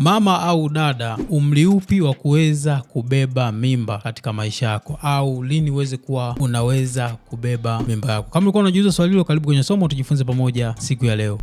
Mama au dada, umri upi wa kuweza kubeba mimba katika maisha yako, au lini uweze kuwa unaweza kubeba mimba yako? Kama ulikuwa unajiuliza swali hilo, karibu kwenye somo tujifunze pamoja siku ya leo.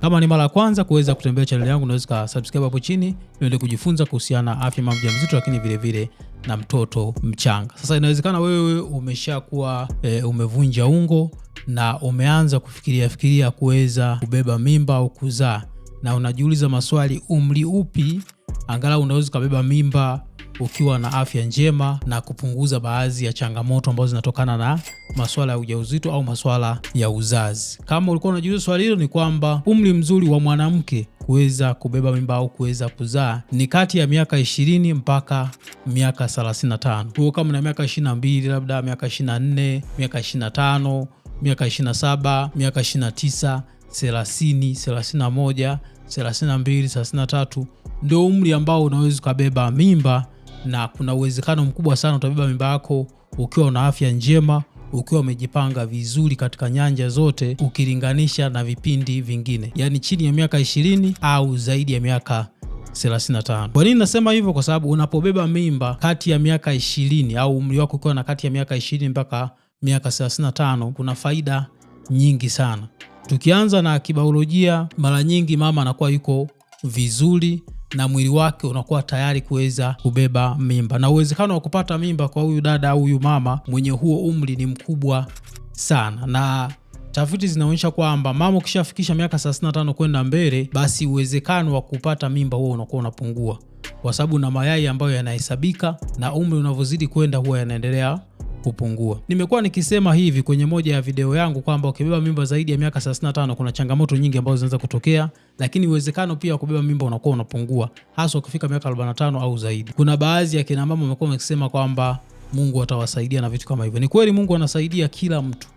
Kama ni mara ya kwanza kuweza kutembea chaneli yangu, unaweza ukasubscribe hapo chini uende kujifunza kuhusiana na afya mama mjamzito, lakini vilevile na mtoto mchanga. Sasa inawezekana wewe umeshakuwa e, umevunja ungo na umeanza kufikiria fikiria kuweza kubeba mimba au kuzaa, na unajiuliza maswali, umri upi angalau unaweza ukabeba mimba ukiwa na afya njema na kupunguza baadhi ya changamoto ambazo zinatokana na masuala ya ujauzito au masuala ya uzazi. Kama ulikuwa unajiuliza swali hilo, ni kwamba umri mzuri wa mwanamke kuweza kubeba mimba au kuweza kuzaa ni kati ya miaka 20 mpaka miaka 35. Huo kama na miaka 22, labda miaka 24, miaka 25 miaka 27, miaka 29, 30, 31, 32, 33 ndio umri ambao unaweza ukabeba mimba, na kuna uwezekano mkubwa sana utabeba mimba yako ukiwa una afya njema, ukiwa umejipanga vizuri katika nyanja zote ukilinganisha na vipindi vingine, yaani chini ya miaka 20 au zaidi ya miaka 35. Kwa nini nasema hivyo? Kwa sababu unapobeba mimba kati ya miaka 20 au umri wako ukiwa na kati ya miaka 20 mpaka miaka 35 kuna faida nyingi sana. Tukianza na kibaolojia mara nyingi mama anakuwa yuko vizuri na mwili wake unakuwa tayari kuweza kubeba mimba, na uwezekano wa kupata mimba kwa huyu dada au huyu mama mwenye huo umri ni mkubwa sana, na tafiti zinaonyesha kwamba mama ukishafikisha miaka 35 kwenda mbele, basi uwezekano wa kupata mimba huo unakuwa unapungua, kwa sababu na mayai ambayo yanahesabika na umri unavyozidi kwenda huwa yanaendelea kupungua. Nimekuwa nikisema hivi kwenye moja ya video yangu kwamba ukibeba mimba zaidi ya miaka 35 kuna changamoto nyingi ambazo zinaweza kutokea, lakini uwezekano pia wa kubeba mimba unakuwa unapungua, hasa ukifika miaka 45 au zaidi. Kuna baadhi ya kina mama wamekuwa wakisema kwamba Mungu atawasaidia na vitu kama hivyo. Ni kweli Mungu anasaidia kila mtu,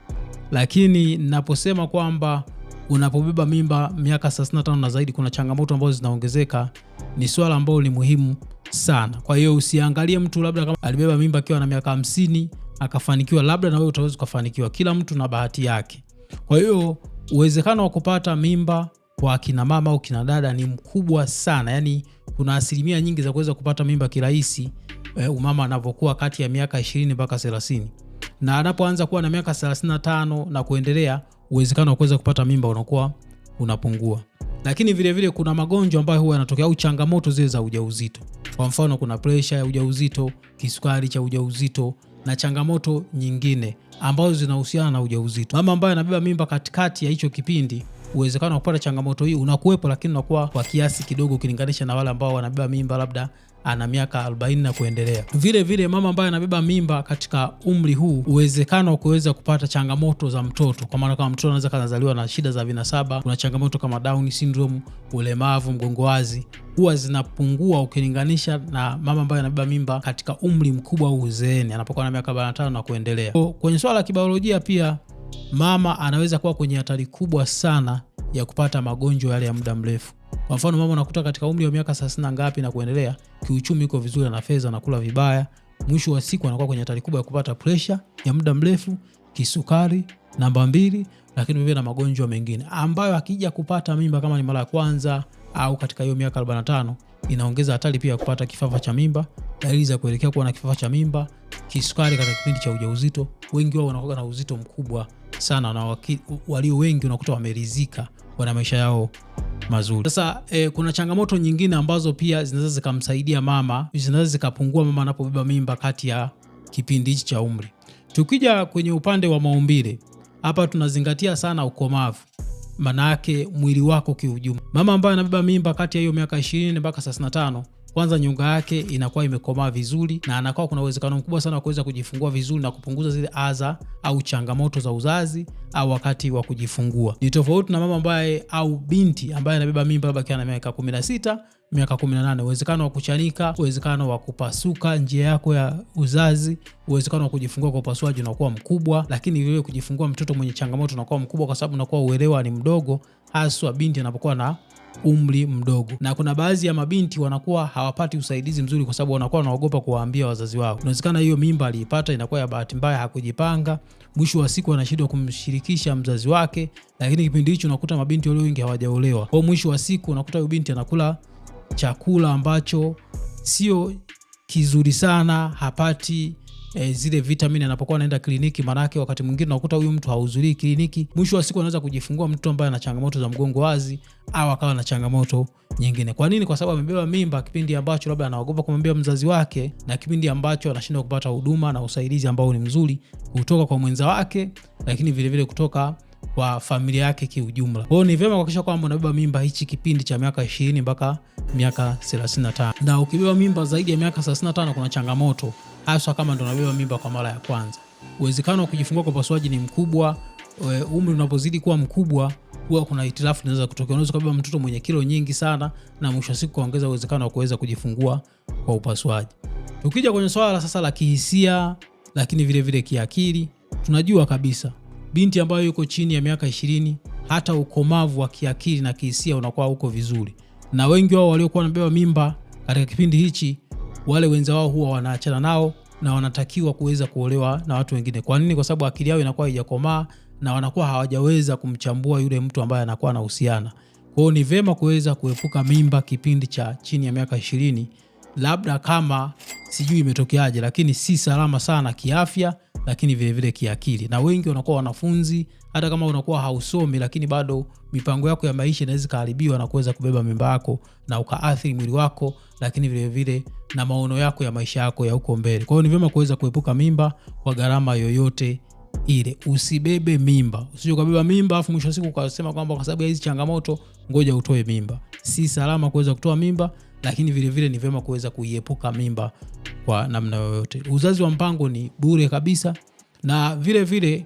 lakini naposema kwamba unapobeba mimba miaka 35 na zaidi kuna changamoto ambazo zinaongezeka, ni swala ambalo ni muhimu sana. Kwa hiyo usiangalie mtu labda kama alibeba mimba akiwa na miaka hamsini akafanikiwa, labda na wewe utaweza ukafanikiwa. Kila mtu na bahati yake. Kwa hiyo uwezekano wa kupata mimba kwa kina mama au kina dada ni mkubwa sana, yaani kuna asilimia nyingi za kuweza kupata mimba kirahisi eh, umama anapokuwa kati ya miaka 20 mpaka 30, na anapoanza kuwa na miaka 35 na kuendelea, uwezekano wa kuweza kupata mimba unakuwa unapungua. Lakini vile vile kuna magonjwa ambayo huwa yanatokea au changamoto zile za ujauzito. Kwa mfano, kuna presha ya ujauzito, kisukari cha ujauzito na changamoto nyingine ambazo zinahusiana na ujauzito. Mama ambaye anabeba mimba katikati ya hicho kipindi uwezekano wa kupata changamoto hii unakuwepo, lakini unakuwa kwa kiasi kidogo ukilinganisha na wale ambao wanabeba mimba labda ana miaka 40 na kuendelea. Vile vile mama ambaye anabeba mimba katika umri huu, uwezekano wa kuweza kupata changamoto za mtoto, kwa maana kama mtoto anaweza kazaliwa na shida za vinasaba, kuna changamoto kama Down syndrome, ulemavu, mgongo wazi, huwa zinapungua ukilinganisha na mama ambaye anabeba mimba katika umri mkubwa au uzeeni, anapokuwa na miaka 45 na kuendelea. Kwa kwenye swala la kibiolojia pia mama anaweza kuwa kwenye hatari kubwa sana ya kupata magonjwa yale ya muda mrefu. Kwa mfano mama unakuta katika umri wa miaka 30 na ngapi na kuendelea, kiuchumi uko vizuri na fedha anakula vibaya, mwisho wa siku anakuwa kwenye hatari kubwa ya kupata presha ya muda mrefu, kisukari namba mbili, lakini vivyo na magonjwa mengine ambayo akija kupata mimba kama ni mara ya kwanza au katika hiyo miaka 45 inaongeza hatari pia ya kupata kifafa cha mimba, dalili za kuelekea kuwa na kifafa cha mimba, kisukari katika kipindi cha ujauzito. Wengi wao wanakuwa na uzito mkubwa sana na walio wengi unakuta wameridhika, wana maisha yao mazuri. Sasa e, kuna changamoto nyingine ambazo pia zinaweza zikamsaidia mama, zinaweza zikapungua mama anapobeba mimba kati ya kipindi hichi cha umri. Tukija kwenye upande wa maumbile, hapa tunazingatia sana ukomavu maana yake mwili wako kiujumla. Mama ambaye anabeba mimba kati ya hiyo miaka 20 mpaka 35 kwanza nyonga yake inakuwa imekomaa vizuri na anakuwa kuna uwezekano mkubwa sana wa kuweza kujifungua vizuri na kupunguza zile adha au changamoto za uzazi au wakati wa kujifungua. Ni tofauti na mama ambaye au binti ambaye anabeba mimba labda akiwa na miaka 16 miaka 18, uwezekano wa kuchanika, uwezekano wa kupasuka njia yako ya uzazi, uwezekano wa kujifungua kwa upasuaji unakuwa mkubwa, lakini vile kujifungua mtoto mwenye changamoto unakuwa mkubwa, kwa sababu unakuwa uelewa ni mdogo, haswa binti anapokuwa na umri mdogo, na kuna baadhi ya mabinti wanakuwa hawapati usaidizi mzuri kwa sababu wanakuwa wanaogopa kuwaambia wazazi wao. Inawezekana hiyo mimba aliipata inakuwa ya bahati mbaya, hakujipanga, mwisho wa siku anashindwa kumshirikisha mzazi wake, lakini kipindi hicho unakuta mabinti walio wengi hawajaolewa. Kwa mwisho wa siku unakuta huyo binti anakula chakula ambacho sio kizuri sana, hapati e, zile vitamini anapokuwa anaenda kliniki. Maanake wakati mwingine unakuta huyu mtu hahudhurii kliniki, mwisho wa siku anaweza kujifungua mtu ambaye ana changamoto za mgongo wazi au akawa na changamoto nyingine. Kwa nini? Kwa sababu amebeba mimba kipindi ambacho labda anaogopa kumwambia mzazi wake, na kipindi ambacho anashindwa kupata huduma na usaidizi ambao ni mzuri kutoka kwa mwenza wake, lakini vilevile vile kutoka kwa familia yake kiujumla. Kwao ni vyema kuhakikisha kwamba unabeba mimba hichi kipindi cha miaka 20 mpaka miaka 35, na ukibeba mimba zaidi ya miaka 35 kuna changamoto haswa kama ndo unabeba mimba kwa mara ya kwanza. Uwezekano wa kujifungua kwa upasuaji ni mkubwa. Umri unapozidi kuwa mkubwa huwa kuna hitilafu zinaweza kutokea. Unaweza kubeba mtoto mwenye kilo nyingi sana na mwisho wa siku kuongeza uwezekano wa kuweza kujifungua kwa upasuaji. Tukija kwenye swala la sasa la kihisia, lakini vile vile kiakili, tunajua kabisa binti ambayo yuko chini ya miaka ishirini hata ukomavu wa kiakili na kihisia unakuwa uko vizuri, na wengi wao waliokuwa wanabeba mimba katika kipindi hichi wale wenza wao huwa wanaachana nao na wanatakiwa kuweza kuolewa na watu wengine. Kwa nini? Kwa sababu akili yao inakuwa haijakomaa na wanakuwa hawajaweza kumchambua yule mtu ambaye anakuwa anahusiana. Kwa hiyo ni vema kuweza kuepuka mimba kipindi cha chini ya miaka ishirini, labda kama sijui imetokeaje, lakini si salama sana kiafya, lakini vilevile kiakili. Na wengi wanakuwa wanafunzi, hata kama unakuwa hausomi, lakini bado mipango yako ya maisha inaweza ikaharibiwa na kuweza kubeba mimba yako na ukaathiri mwili wako, lakini vilevile na maono yako ya maisha yako ya huko mbele. Kwa hiyo ni vyema kuweza kuepuka mimba kwa gharama yoyote ile. Usibebe mimba, usije ukabeba mimba afu mwisho wa siku ukasema kwamba kwa sababu ya hizi changamoto ngoja utoe mimba. Si salama kuweza kutoa mimba, lakini vile vile ni vyema kuweza kuiepuka mimba kwa namna yoyote. Uzazi wa mpango ni bure kabisa, na vile vile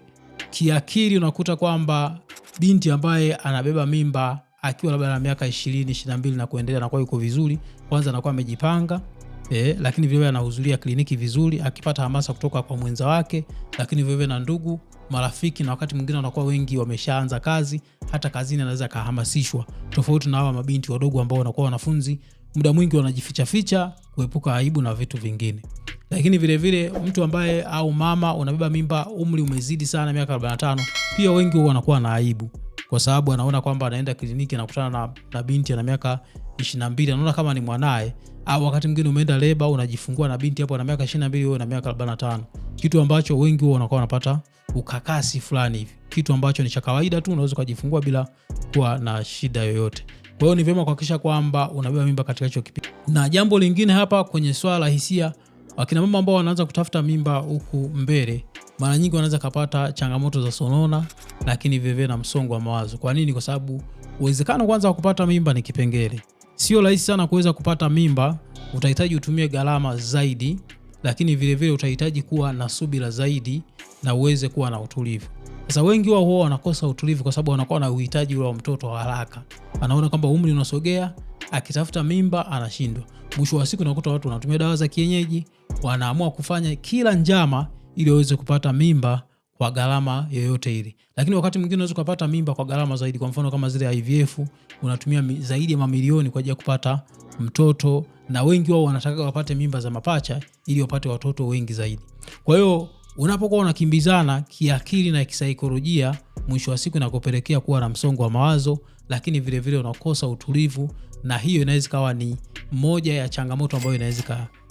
kiakili unakuta kwamba binti ambaye anabeba mimba akiwa labda na miaka 20, 22 na kuendelea, na kwa yuko vizuri. Kwanza anakuwa amejipanga eh, lakini vilevile anahudhuria kliniki vizuri, akipata hamasa kutoka kwa mwenza wake, lakini vilevile na ndugu, marafiki, na wakati mwingine wanakuwa wengi wameshaanza kazi, hata kazini anaweza akahamasishwa, tofauti na hawa mabinti wadogo ambao wanakuwa wanafunzi, muda mwingi wanajificha ficha kuepuka aibu na vitu vingine. Lakini vilevile mtu ambaye au mama unabeba mimba, umri umezidi sana miaka 45, pia wengi wanakuwa na aibu kwa sababu anaona kwamba anaenda kliniki anakutana na, na binti ana miaka 22 anaona kama ni mwanaye, au wakati mwingine umeenda leba unajifungua na binti hapo na miaka 22, wewe na miaka 45, kitu ambacho wengi wao wanakuwa wanapata ukakasi fulani hivi, kitu ambacho ni cha kawaida tu, unaweza ukajifungua bila kuwa na shida yoyote. Kwa hiyo ni vyema kuhakikisha kwamba unabeba mimba katika hicho kipindi. Na jambo lingine hapa kwenye swala la hisia, wakina mama ambao wanaanza kutafuta mimba huku mbele mara nyingi wanaweza kapata changamoto za sonona, lakini vilevile na msongo wa mawazo. Kwa nini? Kwa sababu uwezekano kwanza wa kupata mimba ni kipengele sio rahisi sana kuweza kupata mimba, utahitaji utumie gharama zaidi, lakini vilevile utahitaji kuwa na subira zaidi na uweze kuwa na utulivu. Sasa wengi wao huwa wanakosa utulivu kwa sababu wanakuwa na uhitaji wa mtoto wa haraka, anaona kwamba umri unasogea, akitafuta mimba anashindwa. Mwisho wa siku nakuta watu wanatumia dawa za kienyeji, wanaamua kufanya kila njama ili waweze kupata mimba kwa gharama yoyote ile, lakini wakati mwingine unaweza kupata mimba kwa gharama zaidi. Kwa mfano kama zile IVF unatumia zaidi ya mamilioni kwa ajili ya kupata mtoto, na wengi wao wanataka wapate mimba za mapacha ili wapate watoto wengi zaidi. Kwa hiyo unapokuwa unakimbizana kiakili na kisaikolojia, mwisho wa siku inakupelekea kuwa na msongo wa mawazo, lakini vile vile unakosa utulivu, na hiyo inaweza kawa ni moja ya changamoto ambayo inaweza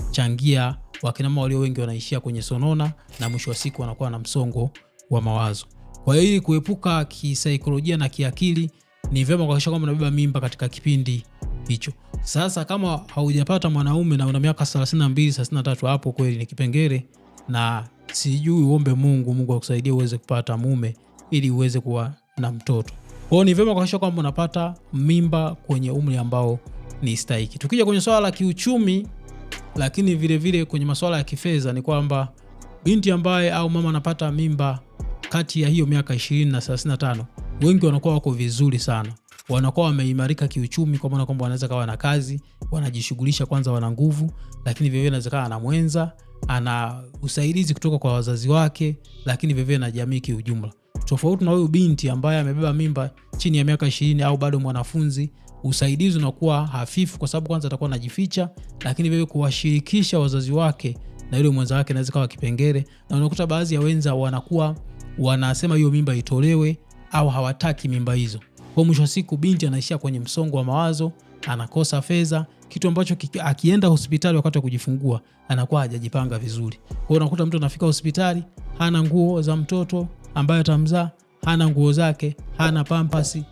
ikachangia wakinama walio wengi wanaishia kwenye sonona na mwisho wa siku wanakuwa na msongo wa mawazo. Kwa hiyo ili kuepuka kisaikolojia na kiakili, ni vyema kuhakikisha kwamba unabeba mimba katika kipindi hicho. Sasa kama haujapata mwanaume na una miaka 32, 33, hapo kweli ni kipengele, na sijui uombe Mungu, Mungu akusaidie uweze kupata mume ili uweze kuwa na mtoto. Kwa hiyo ni vyema kuhakikisha kwamba unapata mimba kwenye umri ambao ni stahiki. Tukija kwenye swala la kiuchumi lakini vile vile kwenye masuala ya kifedha ni kwamba binti ambaye au mama anapata mimba kati ya hiyo miaka 20 na 35, wengi wanakuwa wako vizuri sana, wanakuwa wameimarika kiuchumi, kwa maana kwamba wanaweza kawa na kazi, wanajishughulisha kwanza, wana nguvu, lakini vile vile inawezekana ana mwenza, ana usaidizi kutoka kwa wazazi wake, lakini vile vile na jamii kiujumla, tofauti na huyu binti ambaye amebeba mimba chini ya miaka 20 au bado mwanafunzi usaidizi unakuwa hafifu, kwa sababu kwanza atakuwa anajificha, lakini vile kuwashirikisha wazazi wake na yule mwenza wake naweza kawa kipengele, na unakuta baadhi ya wenza wanakuwa wanasema hiyo mimba itolewe au hawataki mimba hizo. Kwa mwisho wa siku, binti anaishia kwenye msongo wa mawazo, anakosa fedha, kitu ambacho akienda hospitali wakati wa kujifungua anakuwa hajajipanga vizuri. Kwa unakuta mtu anafika hospitali hana nguo za mtoto ambaye atamzaa, hana nguo zake, hana pampasi,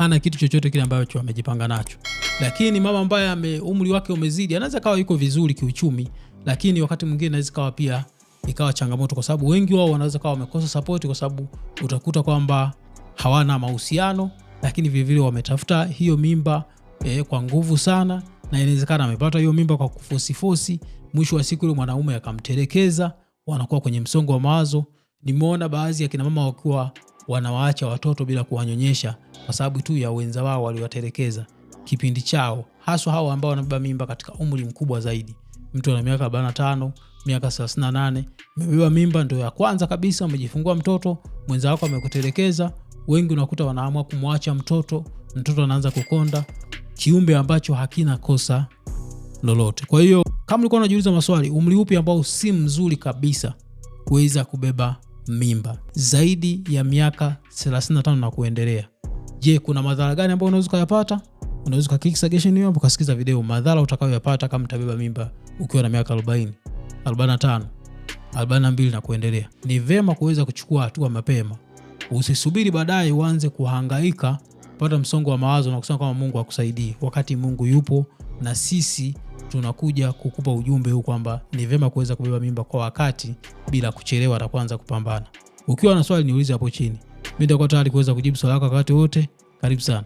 hana kitu chochote kile ambacho amejipanga nacho. Lakini mama ambaye ame umri wake umezidi, anaweza kawa yuko vizuri kiuchumi, lakini wakati mwingine anaweza kawa pia ikawa changamoto, kwa sababu wengi wao wanaweza kawa wamekosa support, kwa sababu utakuta kwamba hawana mahusiano, lakini vilevile wametafuta hiyo mimba eh, kwa nguvu sana, na inawezekana amepata hiyo mimba kwa kufosi fosi, mwisho wa siku yule mwanaume akamtelekeza, wanakuwa kwenye msongo wa mawazo. Nimeona baadhi ya kina mama wakiwa wanawaacha watoto bila kuwanyonyesha kwa sababu tu ya wenza wao waliwatelekeza kipindi chao, haswa hao ambao wanabeba mimba katika umri mkubwa zaidi. Mtu ana miaka 45, miaka 38, umebeba mimba ndio ya kwanza kabisa, umejifungua mtoto, mwenza wako amekutelekeza. Wengi unakuta wanaamua kumwacha mtoto, mtoto anaanza kukonda, kiumbe ambacho hakina kosa lolote. Kwa hiyo kama ulikuwa unajiuliza maswali, umri upi ambao si mzuri kabisa kuweza kubeba mimba zaidi ya miaka 35 na kuendelea. Je, kuna madhara gani ambayo unaweza ukayapata? Unaweza ukaklik suggestion hiyo hapo ukasikiza video madhara utakayoyapata kama utabeba mimba ukiwa na miaka 40, 45, 42 na kuendelea. Ni vema kuweza kuchukua hatua mapema. Usisubiri baadaye uanze kuhangaika, pata msongo wa mawazo na kusema kama Mungu akusaidie, wakati Mungu yupo na sisi tunakuja kukupa ujumbe huu kwamba ni vema kuweza kubeba mimba kwa wakati bila kuchelewa na kuanza kupambana. Ukiwa na swali niulize hapo chini, mimi nitakuwa tayari kuweza kujibu swali lako wakati wote. Karibu sana.